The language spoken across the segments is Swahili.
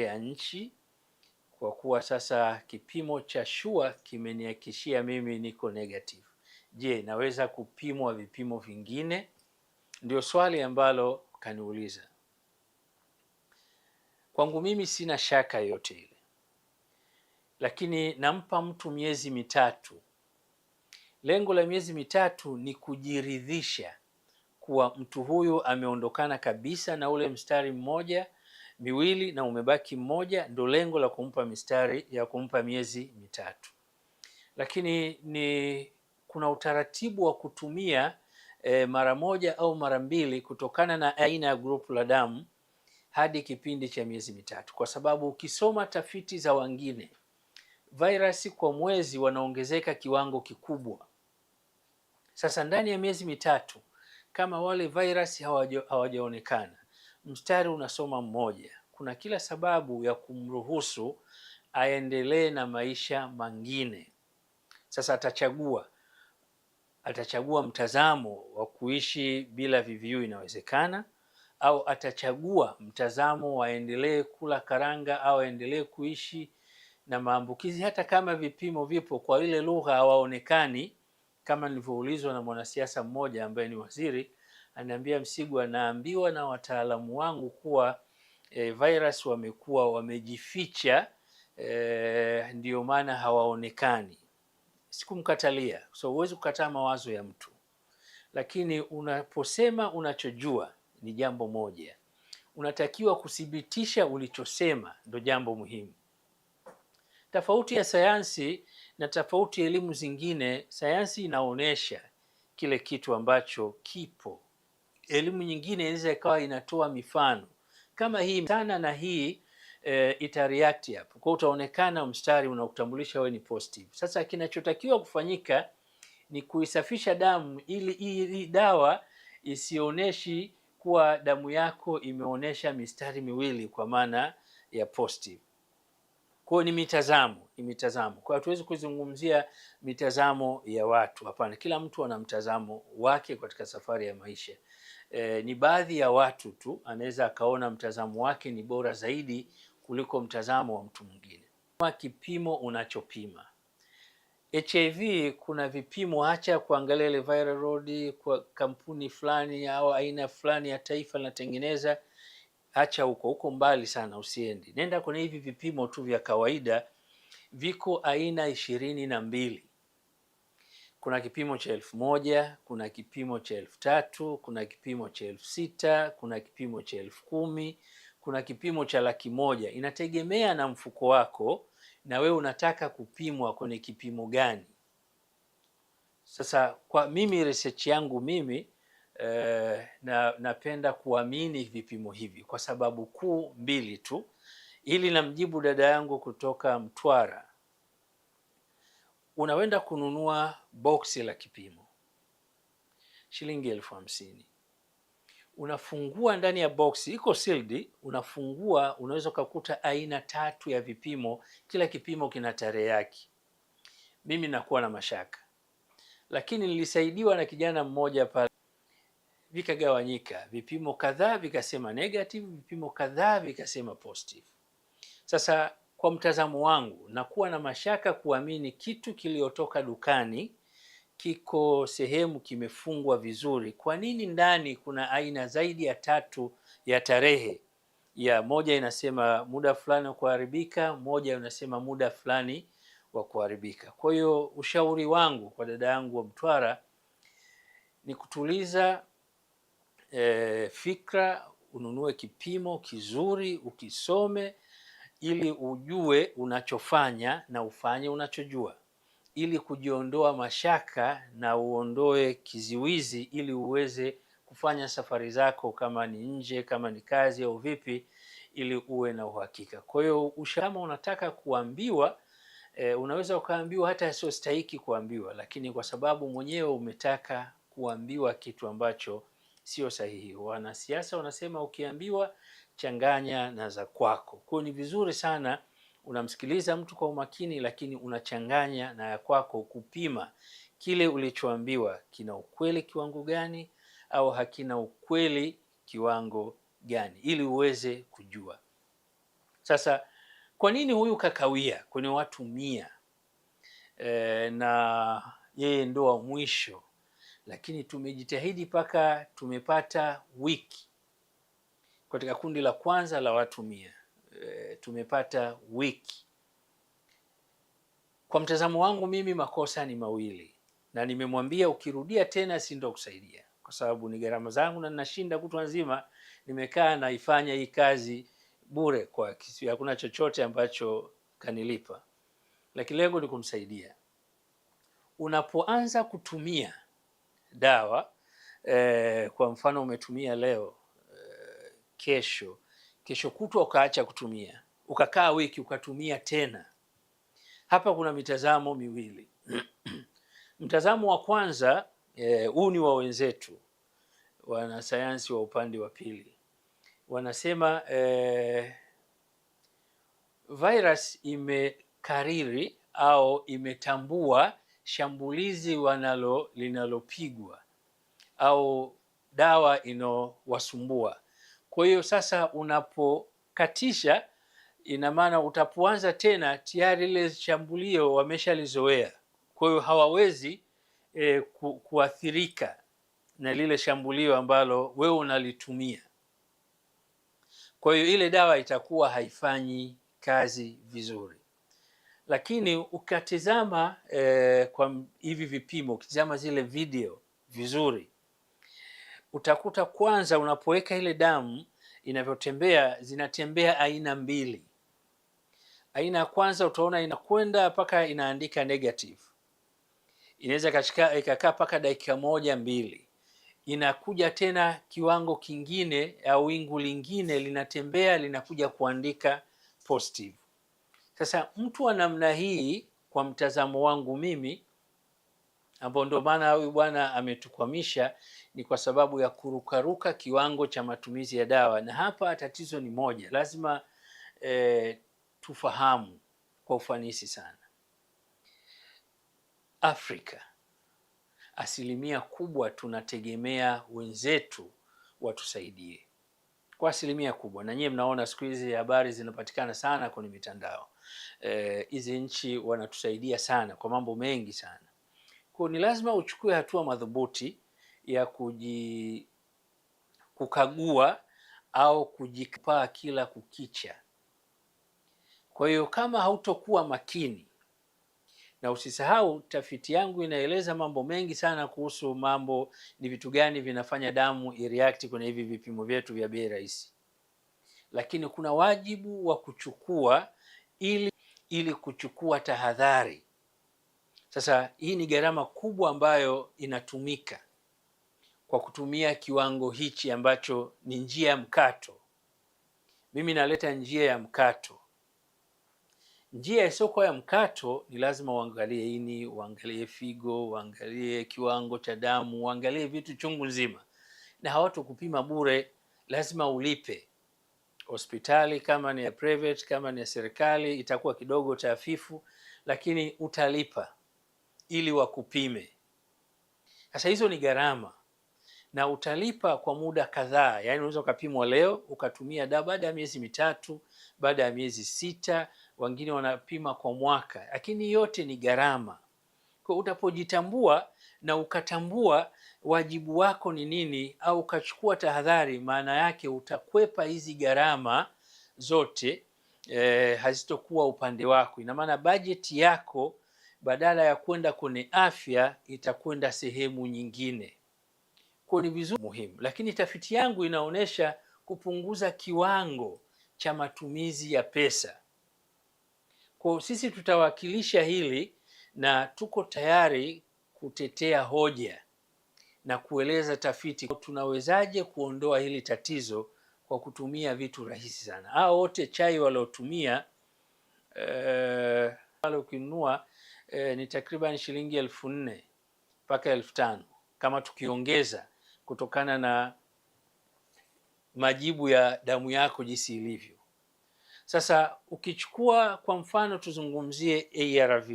ya nchi kwa kuwa sasa kipimo cha shua kimeniakishia mimi niko negative. Je, naweza kupimwa vipimo vingine? Ndio swali ambalo kaniuliza. Kwangu mimi sina shaka yote ile, lakini nampa mtu miezi mitatu. Lengo la miezi mitatu ni kujiridhisha kuwa mtu huyu ameondokana kabisa na ule mstari mmoja miwili na umebaki mmoja, ndo lengo la kumpa mistari ya kumpa miezi mitatu. Lakini ni kuna utaratibu wa kutumia e, mara moja au mara mbili kutokana na aina ya grupu la damu hadi kipindi cha miezi mitatu, kwa sababu ukisoma tafiti za wengine, virusi kwa mwezi wanaongezeka kiwango kikubwa. Sasa ndani ya miezi mitatu kama wale virusi hawajaonekana, mstari unasoma mmoja, kuna kila sababu ya kumruhusu aendelee na maisha mengine. Sasa atachagua atachagua mtazamo wa kuishi bila VVU, inawezekana au atachagua mtazamo waendelee kula karanga au aendelee kuishi na maambukizi, hata kama vipimo vipo kwa ile lugha hawaonekani. Kama nilivyoulizwa na mwanasiasa mmoja ambaye ni waziri, anaambia Msigwa, anaambiwa na wataalamu wangu kuwa e, virus wamekuwa wamejificha e, ndio maana hawaonekani. Sikumkatalia, so huwezi kukataa mawazo ya mtu, lakini unaposema unachojua ni jambo moja, unatakiwa kuthibitisha ulichosema, ndo jambo muhimu. Tofauti ya sayansi na tofauti ya elimu zingine, sayansi inaonyesha kile kitu ambacho kipo. Elimu nyingine inaweza ikawa inatoa mifano kama hii sana na hii e, eh, ita react hapo, kwa utaonekana mstari unaokutambulisha wewe ni positive. Sasa kinachotakiwa kufanyika ni kuisafisha damu ili hii dawa isioneshi kuwa damu yako imeonesha mistari miwili kwa maana ya positive. Kwa ni mitazamo, ni mitazamo. Kwa hatuwezi kuzungumzia mitazamo ya watu, hapana. Kila mtu ana mtazamo wake katika safari ya maisha e, ni baadhi ya watu tu anaweza akaona mtazamo wake ni bora zaidi kuliko mtazamo wa mtu mwingine. Kwa kipimo unachopima HIV kuna vipimo, hacha kuangalia ile viral load kwa kampuni fulani au aina fulani ya taifa linatengeneza. hacha huko huko mbali sana, usiendi, nenda kwenye hivi vipimo tu vya kawaida, viko aina ishirini na mbili. Kuna kipimo cha elfu moja kuna kipimo cha elfu tatu kuna kipimo cha elfu sita kuna kipimo cha elfu kumi kuna kipimo cha laki moja. Inategemea na mfuko wako na wewe unataka kupimwa kwenye kipimo gani. Sasa kwa mimi research yangu mimi eh, na napenda kuamini vipimo hivi kwa sababu kuu mbili tu, ili namjibu dada yangu kutoka Mtwara Unawenda kununua boksi la kipimo shilingi elfu hamsini. Unafungua ndani ya boksi iko sealed, unafungua unaweza ukakuta aina tatu ya vipimo, kila kipimo kina tarehe yake. Mimi nakuwa na mashaka, lakini nilisaidiwa na kijana mmoja pale, vikagawanyika vipimo kadhaa vikasema negative, vipimo kadhaa vikasema positive. Sasa kwa mtazamo wangu, na kuwa na mashaka kuamini kitu kiliotoka dukani kiko sehemu kimefungwa vizuri. Kwa nini ndani kuna aina zaidi ya tatu ya tarehe? Ya moja inasema muda fulani wa kuharibika, moja inasema muda fulani wa kuharibika. Kwa hiyo ushauri wangu kwa dada yangu wa Mtwara ni kutuliza e, fikra, ununue kipimo kizuri, ukisome ili ujue unachofanya na ufanye unachojua, ili kujiondoa mashaka na uondoe kiziwizi, ili uweze kufanya safari zako, kama ni nje, kama ni kazi au vipi, ili uwe na uhakika. Kwa hiyo kama unataka kuambiwa e, unaweza ukaambiwa hata asiostahiki kuambiwa, lakini kwa sababu mwenyewe umetaka kuambiwa kitu ambacho sio sahihi. Wanasiasa wanasema ukiambiwa changanya na za kwako. Kwa ni vizuri sana unamsikiliza mtu kwa umakini, lakini unachanganya na ya kwako, kupima kile ulichoambiwa kina ukweli kiwango gani au hakina ukweli kiwango gani, ili uweze kujua. Sasa kwa nini huyu kakawia kwenye watu mia e, na yeye ndo wa mwisho lakini tumejitahidi mpaka tumepata wiki katika kundi la kwanza la watu mia e, tumepata wiki. Kwa mtazamo wangu mimi, makosa ni mawili, na nimemwambia ukirudia tena sindo kusaidia, kwa sababu ni gharama zangu na ninashinda kutwa nzima nimekaa naifanya hii kazi bure, kwa hakuna chochote ambacho kanilipa, lakini lengo ni kumsaidia. Unapoanza kutumia dawa eh, kwa mfano umetumia leo eh, kesho kesho kutwa ukaacha kutumia ukakaa wiki ukatumia tena, hapa kuna mitazamo miwili mtazamo wa kwanza eh, huu eh, ni wa wenzetu wanasayansi wa upande wa pili wanasema eh, virus imekariri au imetambua shambulizi wanalo linalopigwa au dawa inowasumbua. Kwa hiyo sasa, unapokatisha ina maana utapoanza tena, tayari lile shambulio wameshalizoea, kwa hiyo hawawezi e, ku, kuathirika na lile shambulio ambalo wewe unalitumia. Kwa hiyo ile dawa itakuwa haifanyi kazi vizuri. Lakini ukatizama eh, kwa hivi vipimo, ukitizama zile video vizuri, utakuta kwanza, unapoweka ile damu inavyotembea, zinatembea aina mbili. Aina ya kwanza utaona inakwenda mpaka inaandika negative, inaweza ikakaa mpaka dakika moja mbili, inakuja tena kiwango kingine au wingu lingine linatembea linakuja kuandika positive. Sasa mtu wa namna hii, kwa mtazamo wangu mimi, ambao ndio maana huyu bwana ametukwamisha, ni kwa sababu ya kurukaruka kiwango cha matumizi ya dawa, na hapa tatizo ni moja, lazima eh, tufahamu kwa ufanisi sana. Afrika asilimia kubwa tunategemea wenzetu watusaidie kwa asilimia kubwa, na nyiye mnaona siku hizi habari zinapatikana sana kwenye mitandao. Eh, hizi e, nchi wanatusaidia sana kwa mambo mengi sana. Kwa ni lazima uchukue hatua madhubuti ya kuji kukagua au kujipaa kila kukicha. Kwa hiyo kama hautokuwa makini na usisahau, tafiti yangu inaeleza mambo mengi sana kuhusu mambo ni vitu gani vinafanya damu ireact kwenye hivi vipimo vyetu vya bei rahisi, lakini kuna wajibu wa kuchukua ili, ili kuchukua tahadhari. Sasa hii ni gharama kubwa ambayo inatumika kwa kutumia kiwango hichi ambacho ni njia ya mkato. Mimi naleta njia ya mkato. Njia isiyokuwa ya mkato ni lazima uangalie ini, uangalie figo, uangalie kiwango cha damu, uangalie vitu chungu nzima, na hawatokupima bure, lazima ulipe hospitali kama ni ya private kama ni ya serikali itakuwa kidogo taafifu, lakini utalipa ili wakupime. Sasa hizo ni gharama na utalipa kwa muda kadhaa, yaani unaweza ukapimwa leo ukatumia dawa baada ya miezi mitatu, baada ya miezi sita, wengine wanapima kwa mwaka, lakini yote ni gharama. Kwa utapojitambua na ukatambua wajibu wako ni nini, au ukachukua tahadhari, maana yake utakwepa hizi gharama zote e, hazitokuwa upande wako. Ina maana bajeti yako badala ya kwenda kwenye afya itakwenda sehemu nyingine. Kwa ni vizuri muhimu, lakini tafiti yangu inaonyesha kupunguza kiwango cha matumizi ya pesa. Kwa sisi tutawakilisha hili na tuko tayari kutetea hoja na kueleza tafiti, tunawezaje kuondoa hili tatizo kwa kutumia vitu rahisi sana. Hao wote chai waliotumia eh, wale, ukinunua e, e, ni takriban shilingi elfu nne mpaka elfu tano kama tukiongeza kutokana na majibu ya damu yako jinsi ilivyo. Sasa ukichukua kwa mfano, tuzungumzie ARV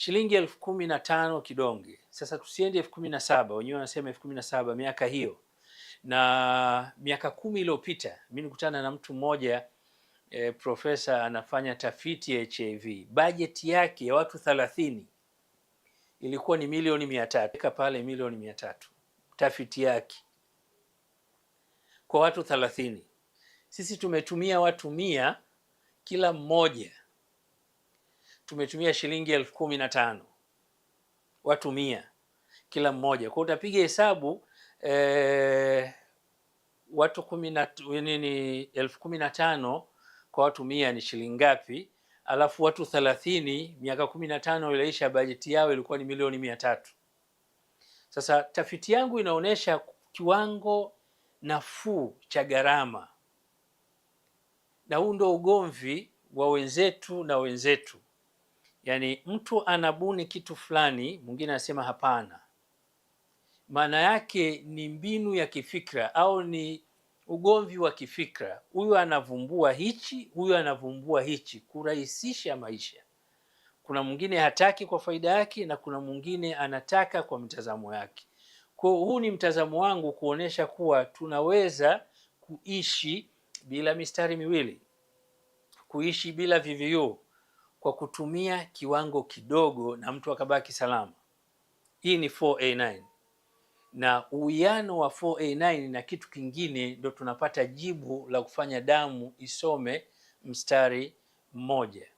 shilingi elfu kumi na tano kidonge. Sasa tusiende elfu kumi na saba wenyewe wanasema elfu kumi na saba miaka hiyo na miaka kumi iliyopita mi nikutana na mtu mmoja e, profesa anafanya tafiti ya HIV. Bajeti yake ya watu thelathini ilikuwa ni milioni mia tatu pale milioni mia tatu tafiti yake kwa watu thelathini. Sisi tumetumia watu mia kila mmoja tumetumia shilingi elfu kumi na tano watu mia kila mmoja, kwa utapiga hesabu e, watu kumi na nini, elfu kumi na tano kwa watu mia ni shilingi ngapi? Alafu watu thelathini miaka kumi na tano iliisha, bajeti yao ilikuwa ni milioni mia tatu. Sasa tafiti yangu inaonyesha kiwango nafuu cha gharama, na huu ndo ugomvi wa wenzetu na wenzetu. Yaani mtu anabuni kitu fulani, mwingine anasema hapana. Maana yake ni mbinu ya kifikra au ni ugomvi wa kifikra. Huyu anavumbua hichi, huyu anavumbua hichi, kurahisisha maisha. Kuna mwingine hataki kwa faida yake na kuna mwingine anataka kwa mtazamo yake. Kwa huu ni mtazamo wangu kuonesha kuwa tunaweza kuishi bila mistari miwili, kuishi bila VVU kwa kutumia kiwango kidogo na mtu akabaki salama. Hii ni 4A9 na uwiano wa 4A9 na kitu kingine ndo tunapata jibu la kufanya damu isome mstari mmoja.